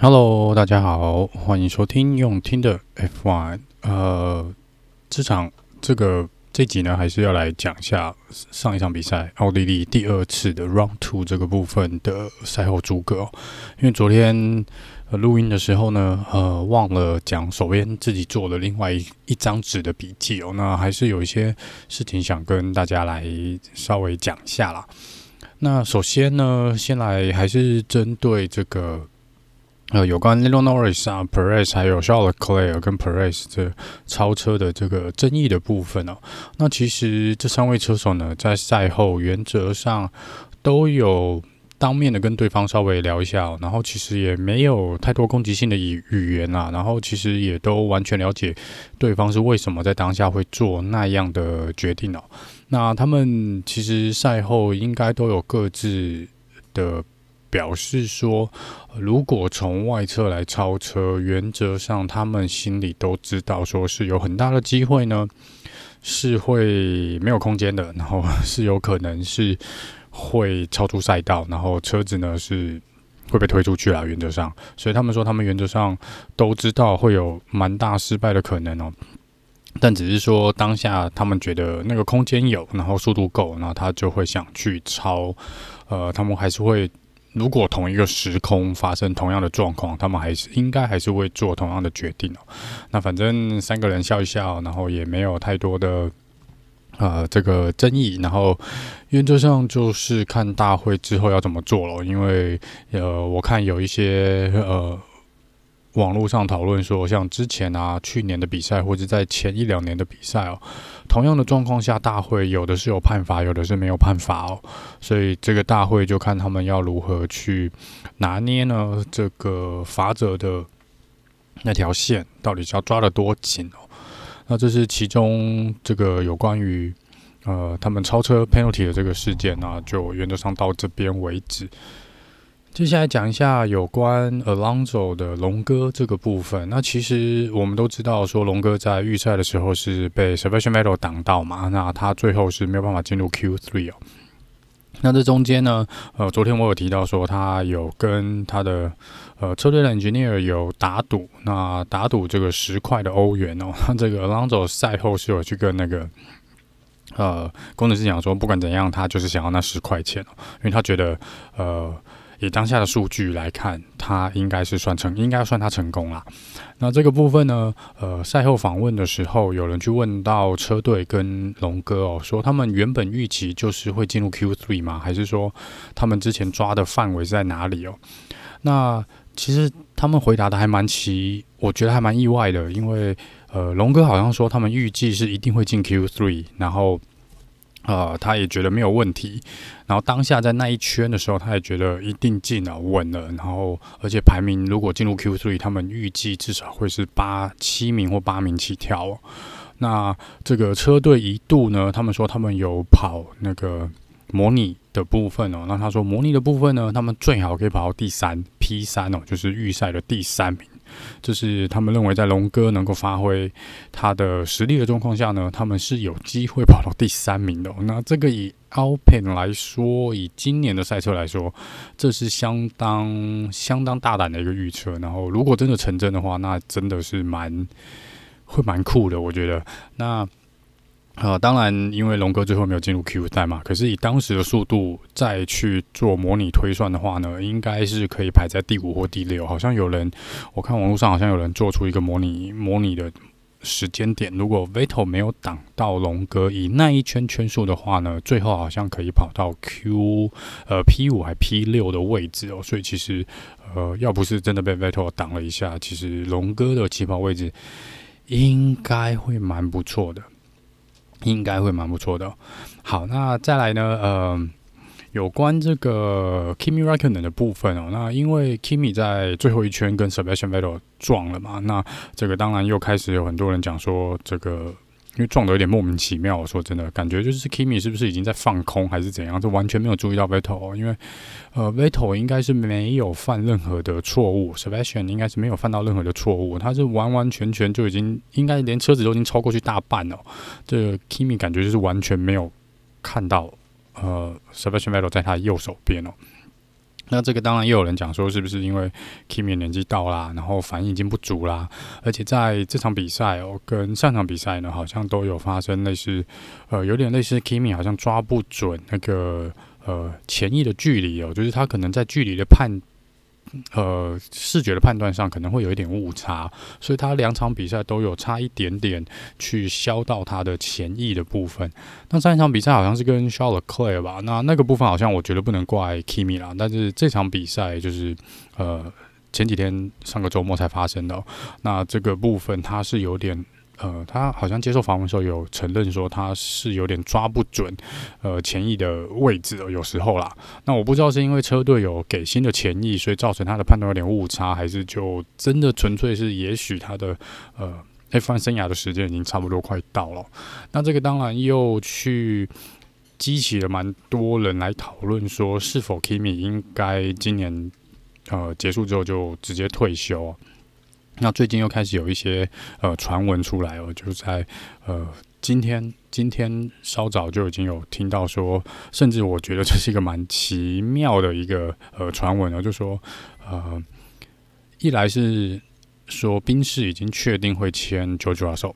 Hello，大家好，歡迎收聽用聽的 F One。呃，這場這個這集呢，還是要來講一下上一場比賽奧地利第二次的 Round Two 這個部分的賽後諸葛哦。因為昨天，呃，錄音的時候呢，呃，忘了講，手邊自己做的另外一張紙的筆記哦。那還是有一些事情想跟大家來稍微講一下啦。那首先呢，先來還是針對這個。呃，有關 Lando Norris 啊，Perez 還有 Charles Leclerc 跟 Perez 這超車的這個爭議的部分哦、喔，那其實這三位車手呢，在賽後原則上都有當面的跟對方稍微聊一下、喔，然後其實也沒有太多攻擊性的語語言啊，然後其實也都完全了解對方是為什麼在當下會做那樣的決定哦、喔。那他們其實賽後應該都有各自的。表示說，呃，如果從外側來超車，原則上他們心裡都知道，說是有很大的機會呢，是會沒有空間的，然後是有可能是會超出賽道，然後車子呢是會被推出去啊。原則上，所以他們說，他們原則上都知道會有蠻大失敗的可能哦，喔。但只是說當下他們覺得那個空間有，然後速度夠，然後他就會想去超，呃，他們還是會。如果同一個時空發生同樣的狀況，他們還是應該還是會做同樣的決定哦。那反正三個人笑一笑，然後也沒有太多的啊，呃，這個爭議。然後原則上就是看大會之後要怎麼做咯，因為呃，我看有一些呃。網絡上討論說，像之前啊，去年的比賽，或者在前一兩年的比賽哦、啊，同樣的狀況下，大會有的是有判罰，有的是沒有判罰哦。所以這個大會就看他們要如何去拿捏呢？這個罰則的那條線到底是要抓得多緊哦。那這是其中這個有關於呃他們超車 penalty 的這個事件啊，就原則上到這邊為止。接下來講一下有關 Alonso 的龍哥這個部分。那其實我們都知道，說龍哥在預賽的時候是被 Sebastian Vettel 擋到嘛，那他最後是沒有辦法進入 Q3 哦、喔。那這中間呢，呃，昨天我有提到說他有跟他的呃車隊的 Engineer 有打賭。那打賭這個十塊的歐元哦，他這個 Alonso 賽後是有去跟那個呃工程師講說，不管怎樣，他就是想要那十塊錢哦、喔，因為他覺得呃。以當下的數據來看，他應該是算成，應該算他成功啦。那這個部分呢，呃，賽後訪問的時候，有人去問到車隊跟龍哥哦，說他們原本預期就是會進入 Q3 嗎？還是說他們之前抓的範圍在哪裡哦？那其實他們回答的還蠻奇，我覺得還蠻意外的，因為呃，龍哥好像說他們預計是一定會進 Q3，然後。啊、呃，他也覺得沒有問題。然後當下在那一圈的時候，他也覺得一定進、啊、了，穩了。然後而且排名如果進入 Q3，他們預計至少會是八七名或八名起跳喔。那這個車隊一度呢，他們說他們有跑那個模擬的部分哦，喔。那他說模擬的部分呢，他們最好可以跑到第三 P3，哦，就是預賽的第三名。就是他們認為，在龍哥能夠發揮他的實力的狀況下呢，他們是有機會跑到第三名的。那這個以 Open 來說，以今年的賽車來說，這是相當相當大膽的一個預測。然後，如果真的成真的的話，那真的是蠻會蠻酷的，我覺得。那。呃，當然，因為龍哥最後沒有進入 Q 代嘛。可是以當時的速度再去做模擬推算的話呢，應該是可以排在第五或第六。好像有人，我看網絡上好像有人做出一個模擬模擬的時間點。如果 Vettel 沒有擋到龍哥以那一圈圈數的話呢，最後好像可以跑到 Q 呃 P 五還 P 六的位置哦、喔。所以其實呃，要不是真的被 Vettel 擋了一下，其實龍哥的起跑位置應該會蠻不錯的。應該會蠻不錯的、喔。好，那再來呢？呃，有關這個 Kimi Räikkönen 的部分哦、喔，那因為 Kimi 在最後一圈跟 Sebastian Vettel 撞了嘛，那這個當然又開始有很多人講說這個。因為撞得有點莫名其妙，我說真的，感覺就是 Kimi 是不是已經在放空還是怎樣？就完全沒有注意到 Vettel，因為呃 Vettel 應該是沒有犯任何的錯誤，Sebastian 應該是沒有犯到任何的錯誤，他是完完全全就已經應該連車子都已經超過去大半了。這個 Kimi 感覺就是完全沒有看到呃 Sebastian Vettel 在他右手邊哦。那這個當然也有人講說，是不是因為 Kimi 年紀到啦，然後反應已經不足啦？而且在這場比賽哦，跟上場比賽呢，好像都有發生類似，呃，有點類似 Kimi 好像抓不準那個呃前翼的距離哦，就是他可能在距離的判。呃，視覺的判斷上可能會有一點誤差，所以他兩場比賽都有差一點點去削到他的前翼的部分。那上一場比賽好像是跟 Charles Leclerc 吧，那那個部分好像我覺得不能怪 Kimi 啦。但是這場比賽就是呃前幾天上個周末才發生的、喔，那這個部分它是有點。呃，他好像接受訪問的時候有承認說他是有點抓不準，呃，前翼的位置的有時候啦。那我不知道是因為車隊有給新的前翼，所以造成他的判斷有點誤差，還是就真的純粹是也許他的呃 F1 生涯的時間已經差不多快到了。那這個當然又去激起了蠻多人來討論，說是否 Kimi 應該今年呃結束之後就直接退休。那最近又開始有一些呃傳聞出來哦，就在呃今天今天稍早就已經有聽到說，甚至我覺得這是一個蠻奇妙的一個呃傳聞了，就說呃一來是說賓士已經確定會簽 George Russell，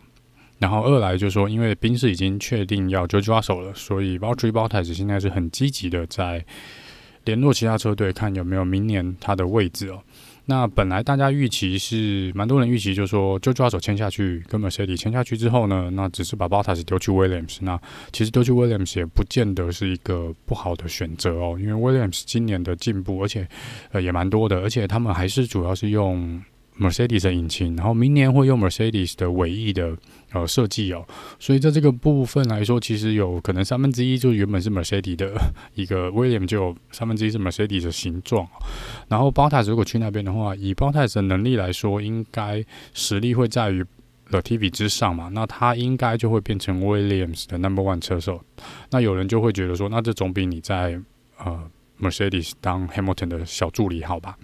然後二來就是說因為賓士已經確定要 George Russell 了，所以 Valtteri Bottas 現在是很積極的在聯絡其他車隊，看有沒有明年他的位置哦、喔。那本來大家預期是蠻多人預期，就是說就抓手簽下去，跟 Mercedes 簽下去之後呢，那只是把 Bottas 丟去 Williams，那其實丟去 Williams 也不見得是一個不好的選擇哦，因為 Williams 今年的進步，而且呃也蠻多的，而且他們還是主要是用。Mercedes 的引擎，然後明年會用 Mercedes 的尾翼的呃設計哦，所以在這個部分來說，其實有可能三分之一就原本是 Mercedes 的一個 Williams 就有三分之一是 Mercedes 的形狀。然後 Bottas 如果去那邊的話，以 Bottas 的能力來說，應該實力會在於 Latifi 之上嘛，那他應該就會變成 Williams 的 Number One 車手。那有人就會覺得說，那這總比你在呃 Mercedes 當 Hamilton 的小助理好吧？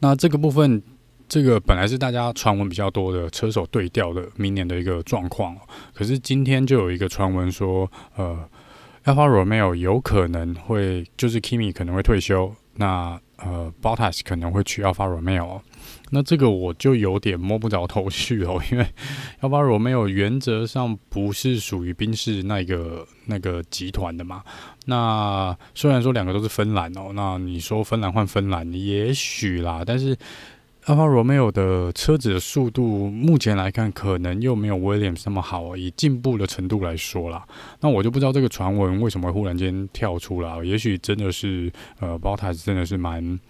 那這個部分，這個本來是大家傳聞比較多的車手對調的明年的一個狀況。可是今天就有一個傳聞說，呃，Alfa Romeo 有可能會，就是 Kimi 可能會退休，那呃，Bottas 可能會去 Alfa Romeo。那這個我就有點摸不着頭緒哦，因為 Alfa Romeo 原則上不是屬於賓士那個那個集團的嘛。那雖然說兩個都是芬蘭哦，那你說芬蘭換芬蘭，也許啦。但是 Alfa Romeo 的車子的速度，目前來看可能又沒有 Williams 那麼好，以進步的程度來說啦。那我就不知道這個傳聞為什麼會忽然間跳出來，也許真的是呃 Bottas 真的是蠻。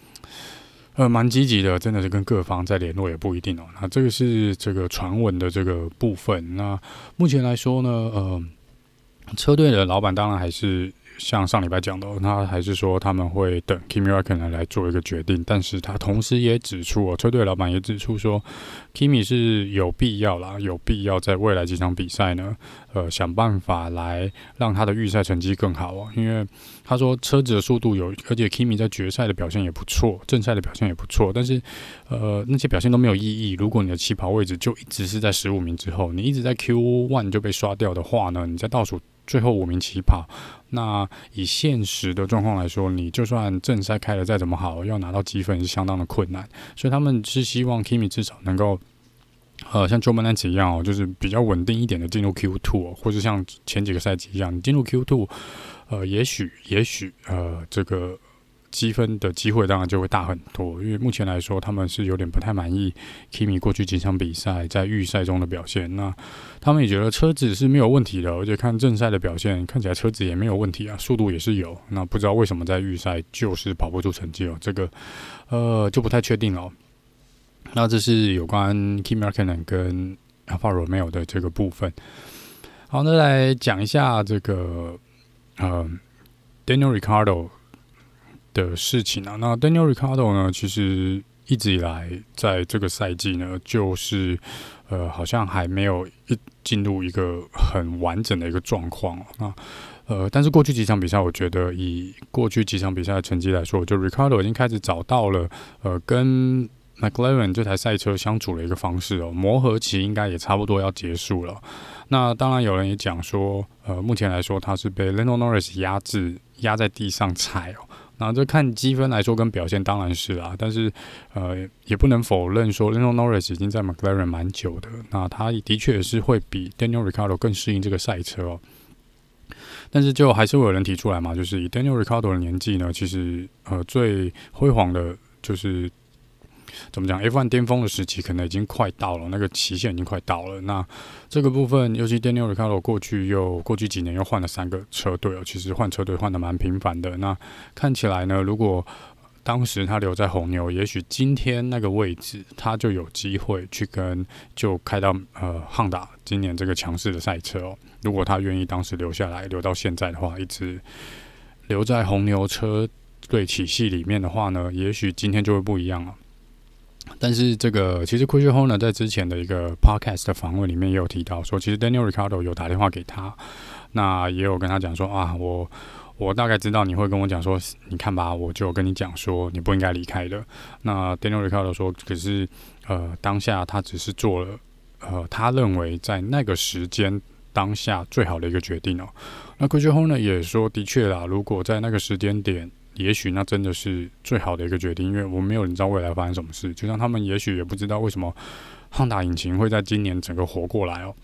呃，蠻積極的，真的是跟各方在聯絡也不一定哦，喔。那這個是這個傳聞的這個部分。那目前來說呢，呃，車隊的老板當然還是。像上禮拜講的，他還是說他們會等 Kimi Räikkönen 來做一個決定，但是他同時也指出，哦，車隊老板也指出說，Kimi 是有必要啦，有必要在未來幾場比賽呢，呃，想辦法來讓他的預賽成績更好哦、啊，因為他說車子的速度有，而且 Kimi 在決賽的表現也不錯，正賽的表現也不錯，但是，呃，那些表現都沒有意義。如果你的起跑位置就一直是在十五名之後，你一直在 Q One 就被刷掉的話呢，你在倒數。最後五名起跑，那以現實的狀況來說，你就算正賽開的再怎麼好，要拿到積分是相當的困難，所以他們是希望 Kimi 至少能夠，呃，像 Giovinazzi 一樣哦、喔，就是比較穩定一點的進入 Q Two、喔、或者像前幾個賽季一樣，你進入 Q Two，呃，也許，也許，呃，這個。積分的機會當然就會大很多，因為目前來說他們是有點不太滿意 Kimi 過去幾場比賽在預賽中的表現。那他們也覺得車子是沒有問題的，喔，而且看正賽的表現，看起來車子也沒有問題啊，速度也是有。那不知道為什麼在預賽就是跑不出成績哦，這個呃就不太確定哦，喔。那這是有關 Kimi Räikkönen 跟 Alfa Romeo 的這個部分。好，再來講一下這個呃 Daniel Ricardo，的事情啊，那 Daniel Ricciardo 呢？其實一直以來，在這個賽季呢，就是呃，好像還沒有一進入一個很完整的一個狀況啊，那呃，但是過去幾場比賽，我覺得以過去幾場比賽的成績來說，就 Ricciardo 已經開始找到了呃，跟 McLaren 這台賽車相處的一個方式哦，磨合期應該也差不多要結束了。那當然，有人也講說，呃，目前來說他是被 Lando Norris 壓制，壓在地上踩哦。那、啊、這看積分來說跟表現當然是啦，啊，但是呃也不能否認說 Lando Norris 已經在 McLaren 蠻久的，那他的確是會比 Daniel Ricciardo 更適應這個賽車，哦，但是就還是會有人提出來嘛，就是以 Daniel Ricciardo 的年紀呢，其實呃最輝煌的就是。怎麼講？F1 巔峰的時期可能已經快到了，那個期限已經快到了。那這個部分，尤其 Daniel Ricardo 過去又過去幾年又換了三個車隊哦，其實換車隊換得蠻頻繁的。那看起來呢，如果當時他留在紅牛，也許今天那個位置他就有機會去跟就開到呃 Honda 今年這個強勢的賽車哦。如果他願意當時留下來，留到現在的話，一直留在紅牛車隊體系裡面的話呢，也許今天就會不一樣了。但是這個其實 Christian Horner 呢，在之前的一個 Podcast 的訪問裡面也有提到說，其實 Daniel Ricardo 有打電話給他，那也有跟他講說啊，我我大概知道你會跟我講說，你看吧，我就跟你講說，你不應該離開的。那 Daniel Ricardo 說，可是呃，當下他只是做了呃，他認為在那個時間當下最好的一個決定哦。那 Christian Horner 呢也說，的確啦，如果在那個時間點，也許那真的是最好的一個決定，因為我們沒有人知道未來發生什麼事。就像他們，也許也不知道為什麼 Honda 引擎會在今年整個活過來哦。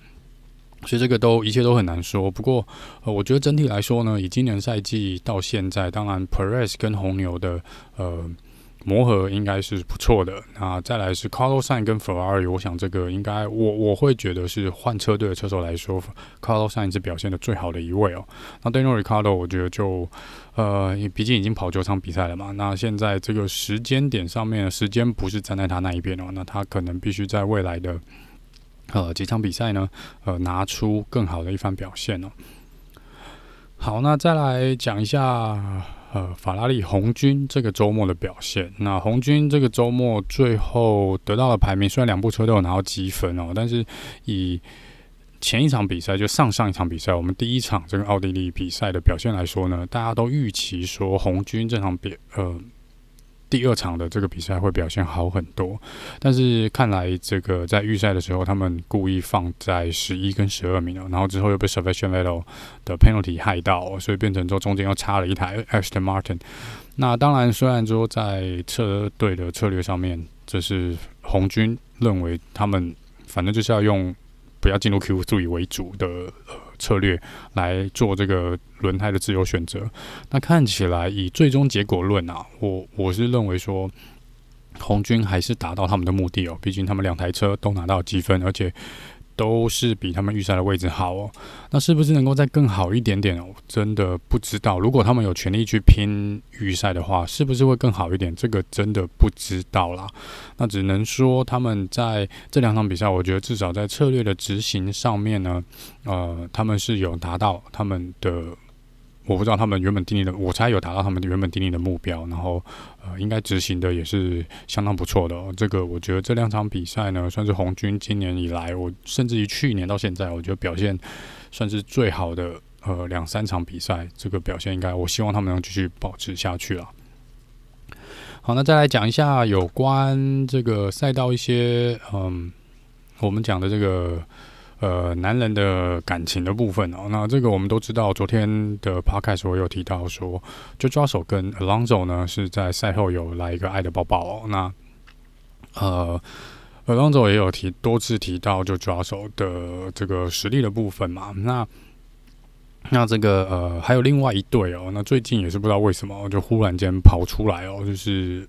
所以這個都一切都很難說。不過，呃，我覺得整體來說呢，以今年賽季到現在，當然 Perez 跟紅牛的呃。磨合應該是不錯的。那再來是卡洛三跟法拉利，我想這個應該我我會覺得是換車隊的車手來說，卡洛 n 是表現的最好的一位哦。那對諾里卡洛，我覺得就呃，畢竟已經跑九場比賽了嘛。那現在這個時間點上面，時間不是站在他那一邊哦。那他可能必須在未來的呃幾場比賽呢，呃，拿出更好的一番表現哦。好，那再來講一下。呃，法拉利紅軍這個周末的表現，那紅軍這個周末最後得到了排名，雖然兩部車都有拿到積分哦，但是以前一場比賽，就上上一場比賽，我們第一場這個奧地利比賽的表現來說呢，大家都預期說紅軍這場比呃。第二場的這個比賽會表現好很多，但是看來這個在預賽的時候，他們故意放在十一跟十二名了，然後之後又被 Sebastian Vettel 的 penalty 害到，所以變成說中間又插了一台 Aston Martin。那當然，雖然說在車隊的策略上面，這、就是紅軍認為他們反正就是要用不要進入 Q3 為主的，策略來做這個輪胎的自由選擇，那看起來以最終結果論啊，我我是認為說，紅軍還是達到他們的目的哦，畢竟他們兩台車都拿到積分，而且。都是比他們預賽的位置好哦，那是不是能夠再更好一點點哦？真的不知道。如果他們有權利去拼預賽的話，是不是會更好一點？這個真的不知道啦。那只能說他們在這兩場比賽，我覺得至少在策略的執行上面呢，呃，他們是有達到他們的。我不知道他們原本定義的，我猜有達到他們原本定義的目標，然後呃，應該執行的也是相當不錯的。這個我覺得這兩場比賽呢，算是紅軍今年以來，我甚至於去年到現在，我覺得表現算是最好的呃兩三場比賽。這個表現應該，我希望他們能繼續保持下去啊。好，那再來講一下有關這個賽道一些嗯，我們講的這個。呃，男人的感情的部分哦，那這個我們都知道。昨天的 p 開 d c 有提到說，就抓手跟 a l o n z o 呢是在賽後有來一個愛的抱抱哦。那呃 a l o n z o 也有提多次提到就抓手的這個實力的部分嘛。那那這個呃，還有另外一對哦，那最近也是不知道為什麼就忽然間跑出來哦，就是。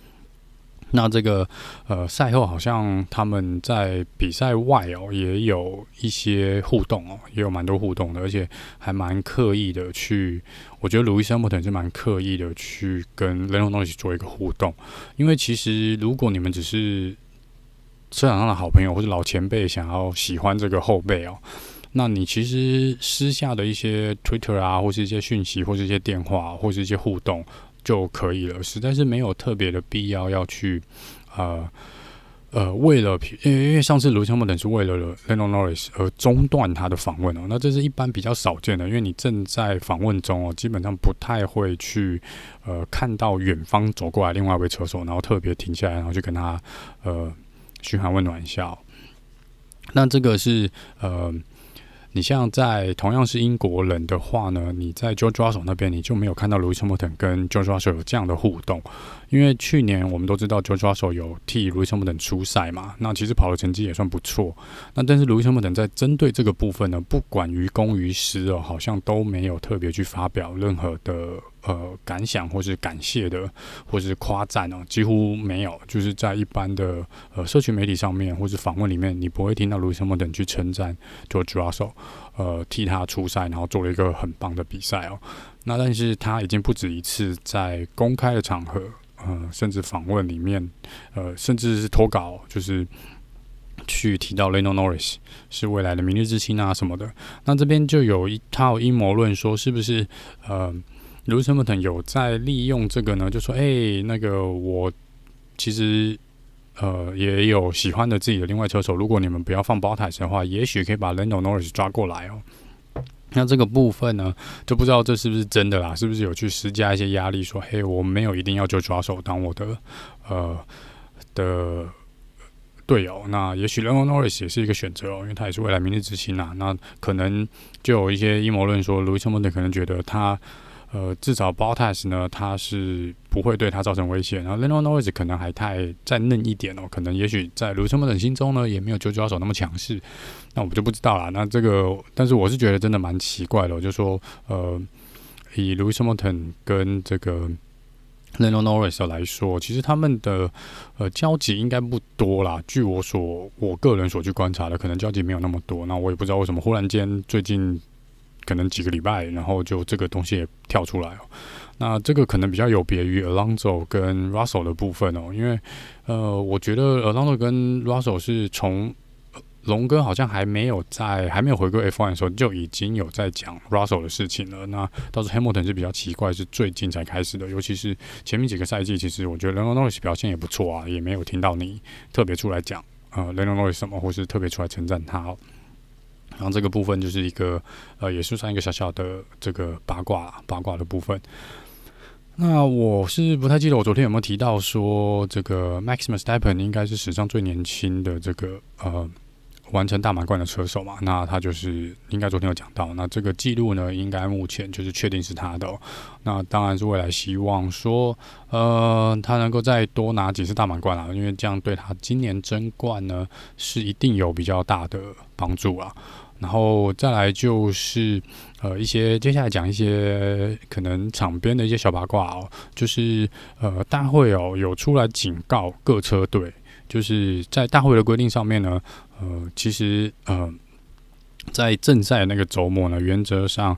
那這個呃，賽後好像他們在比賽外哦、喔、也有一些互動哦、喔，也有蠻多互動的，而且還蠻刻意的去。我覺得 Lewis Hamilton 是蠻刻意的去跟 Lando Norris 一起做一個互動，因為其實如果你們只是車場上的好朋友或者老前輩，想要喜歡這個後輩哦、喔，那你其實私下的一些 Twitter 啊，或是一些訊息，或是一些電話，或是一些互動。就可以了，實在是沒有特別的必要要去啊呃，呃，為了，因為因為上次盧強莫等是為了 Lando Norris 而中斷他的訪問哦，那這是一般比較少見的，因為你正在訪問中哦，基本上不太會去呃看到遠方走過來另外一位車手，然後特別停下來，然後去跟他呃噓寒問暖一下哦。那這個是呃。你像在同樣是英國人的話呢，你在 George Russell 那邊你就沒有看到 Lewis Hamilton 跟 George Russell 有這樣的互動，因為去年我們都知道 George Russell 有替 Lewis Hamilton 出賽嘛，那其實跑的成績也算不錯，那但是 Lewis Hamilton 在針對這個部分呢，不管於公於私哦，好像都沒有特別去發表任何的。呃，感想或是感謝的，或是誇讚哦，幾乎沒有。就是在一般的呃，社群媒體上面，或是訪問裡面，你不會聽到 Lewis Hamilton 去稱讚 George Russell，呃，替他出賽，然後做了一個很棒的比賽哦，喔。那但是他已經不止一次在公開的場合，呃，甚至訪問裡面，呃，甚至是投稿，就是去提到 Lando Norris 是未來的明日之星啊什麼的。那這邊就有一套陰謀論說，是不是呃？盧森伯頓有在利用這個呢，就說：“誒、欸，那個我其實呃也有喜歡的自己的另外車手，如果你們不要放包台 l 的話，也許可以把 Lando Norris 抓過來哦、喔。”那這個部分呢，就不知道這是不是真的啦，是不是有去施加一些壓力，說：“嘿，我沒有一定要就抓手當我的呃的隊友。”那也許 Lando Norris 也是一個選擇哦、喔，因為他也是未來明日之星啊。那可能就有一些陰謀論說，盧森伯頓可能覺得他。呃，至少 Bottas 呢，他是不會對他造成威脅。然後 Lando Norris 可能還太再嫩一點哦，可能也許在 Louis Hamilton 心中呢，也沒有九九二手那麼強勢。那我們就不知道了。那這個，但是我是覺得真的蠻奇怪的。我就說，呃，以 Louis Hamilton 跟這個 Lando Norris 來說，其實他們的呃交集應該不多啦。據我所，我個人所去觀察的，可能交集沒有那麼多。那我也不知道為什麼忽然間最近。可能幾個禮拜，然後就這個東西也跳出來哦。那這個可能比較有別於 Alonso 跟 Russell 的部分哦，因為呃，我覺得 Alonso 跟 Russell 是從龍哥好像還沒有在還沒有回歸 F1 的時候就已經有在講 Russell 的事情了。那倒是 Hamilton 是比較奇怪，是最近才開始的。尤其是前面幾個賽季，其實我覺得 Lando Norris 表現也不錯啊，也沒有聽到你特別出來講啊 Lando Norris 什麼，或是特別出來稱讚他哦。然後這個部分就是一個，呃，也是算一個小小的這個八卦八卦的部分。那我是不太記得我昨天有沒有提到說，這個 Max Verstappen 應該是史上最年輕的這個呃完成大滿貫的車手嘛？那他就是應該昨天有講到。那這個記錄呢，應該目前就是確定是他的哦。那當然是未來希望說，呃，他能夠再多拿幾次大滿貫啊，因為這樣對他今年爭冠呢是一定有比較大的幫助啊。然後再來就是，呃，一些接下來講一些可能場邊的一些小八卦哦，就是呃，大會哦有出來警告各車隊，就是在大會的規定上面呢，呃，其實呃，在正賽那個周末呢，原則上，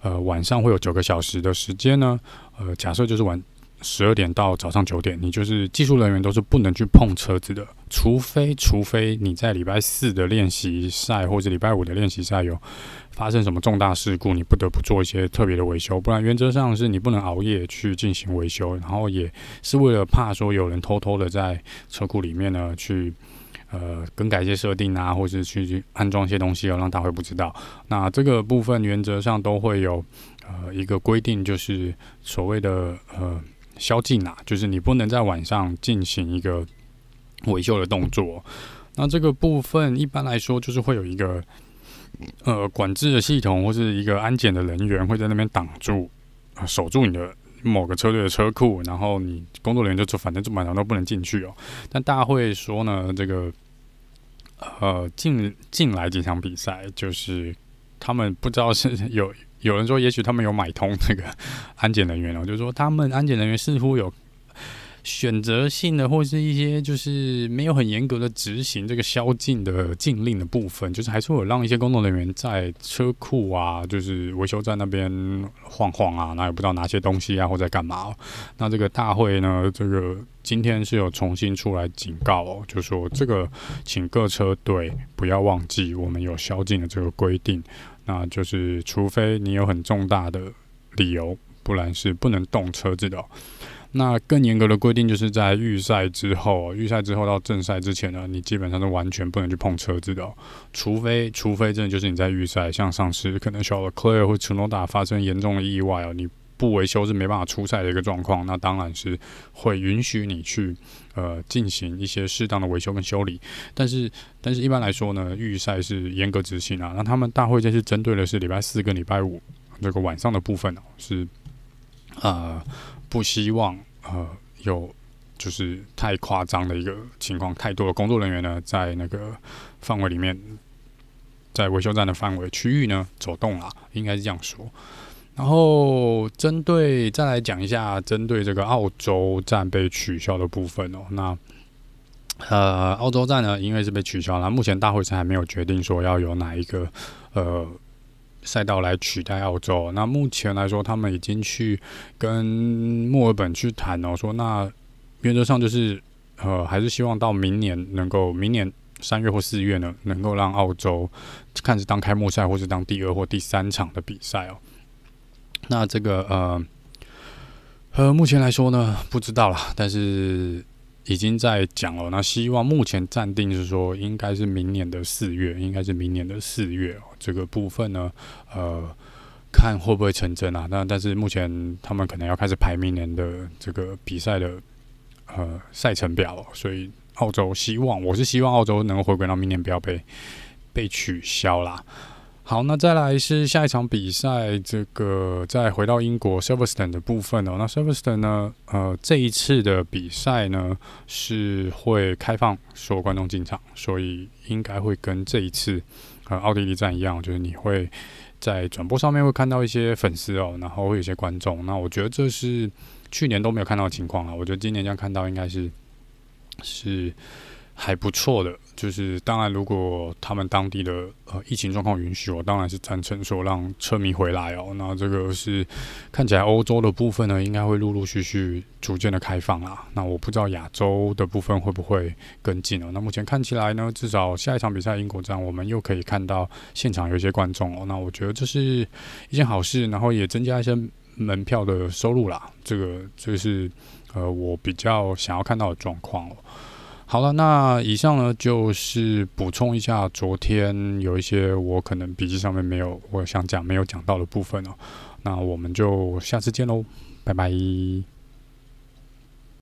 呃，晚上會有九個小時的時間呢，呃，假設就是晚。十二點到早上九點，你就是技術人員都是不能去碰車子的，除非除非你在禮拜四的練習賽或者禮拜五的練習賽有發生什麼重大事故，你不得不做一些特別的維修，不然原則上是你不能熬夜去進行維修。然後也是為了怕說有人偷偷的在車庫裡面呢去呃更改一些設定啊，或者去安裝一些東西要讓大家會不知道。那這個部分原則上都會有呃一個規定，就是所謂的呃。宵禁啊，就是你不能在晚上進行一個維修的動作。那這個部分一般來說就是會有一個呃管制的系統，或是一個安檢的人員會在那邊擋住守住你的某個車隊的車庫。然後你工作人員就反正基晚上都不能進去哦。但大家會說呢，這個呃近近來幾場比賽，就是他們不知道是有。有人說，也許他們有買通那個安檢人員哦、喔，就是說他們安檢人員似乎有選擇性的，或是一些就是沒有很嚴格的執行這個宵禁的禁令的部分，就是還是會有讓一些工作人員在車庫啊，就是維修站那邊晃晃啊，哪也不知道哪些東西啊，或在幹嘛。哦，那這個大會呢，這個今天是有重新出來警告、喔，就是說這個，請各車隊不要忘記，我們有宵禁的這個規定。那就是，除非你有很重大的理由，不然是不能動車子的哦。那更嚴格的規定就是在預賽之後哦，預賽之後到正賽之前呢，你基本上是完全不能去碰車子的哦，除非除非真的就是你在預賽，像上次可能 Charles Leclerc 或 Tsunoda 發生嚴重的意外哦，你。不維修是沒辦法出賽的一個狀況，那當然是會允許你去呃進行一些適當的維修跟修理。但是，但是一般來說呢，預賽是嚴格執行啊。那他們大會就是針對的是禮拜四跟禮拜五這個晚上的部分啊，是啊、呃、不希望呃有就是太誇張的一個情況，太多的工作人員呢在那個範圍裡面，在維修站的範圍區域呢走動了、啊，應該是這樣說。然後，針對再來講一下，針對這個澳洲站被取消的部分哦、喔。那呃，澳洲站呢，因為是被取消了，目前大會上還沒有決定說要有哪一個呃賽道來取代澳洲。那目前來說，他們已經去跟墨爾本去談哦，說那原則上就是呃，還是希望到明年能夠，明年三月或四月呢，能夠讓澳洲看是當開幕賽，或是當第二或第三場的比賽哦。那這個呃呃，目前來說呢，不知道啦。但是已經在講了。那希望目前暫定是說，應該是明年的四月，應該是明年的四月哦。這個部分呢，呃，看會不會成真啊？那但是目前他們可能要開始排明年的這個比賽的呃賽程表了，所以澳洲希望，我是希望澳洲能夠回歸到明年不要被被取消啦。好，那再來是下一場比賽，這個再回到英國 Silverstone 的部分哦。那 Silverstone 呢，呃，這一次的比賽呢是會開放所有觀眾進場，所以應該會跟這一次呃奧地利站一樣，就是你會在轉播上面會看到一些粉絲哦，然後會有一些觀眾。那我覺得這是去年都沒有看到的情況啊，我覺得今年這樣看到應該是是還不錯的。就是，當然，如果他們當地的呃疫情狀況允許喔，我當然是贊成說讓車迷回來哦。那這個是看起來歐洲的部分呢，應該會陸陸續續逐漸的開放啦。那我不知道亞洲的部分會不會跟進哦。那目前看起來呢，至少下一場比賽英國站，我們又可以看到現場有一些觀眾哦。那我覺得這是一件好事，然後也增加一些門票的收入啦。這個就是呃，我比較想要看到的狀況哦。好了，那以上呢就是補充一下昨天有一些我可能筆記上面沒有，我想講，沒有講到的部分哦，那我們就下次見嘍，拜拜。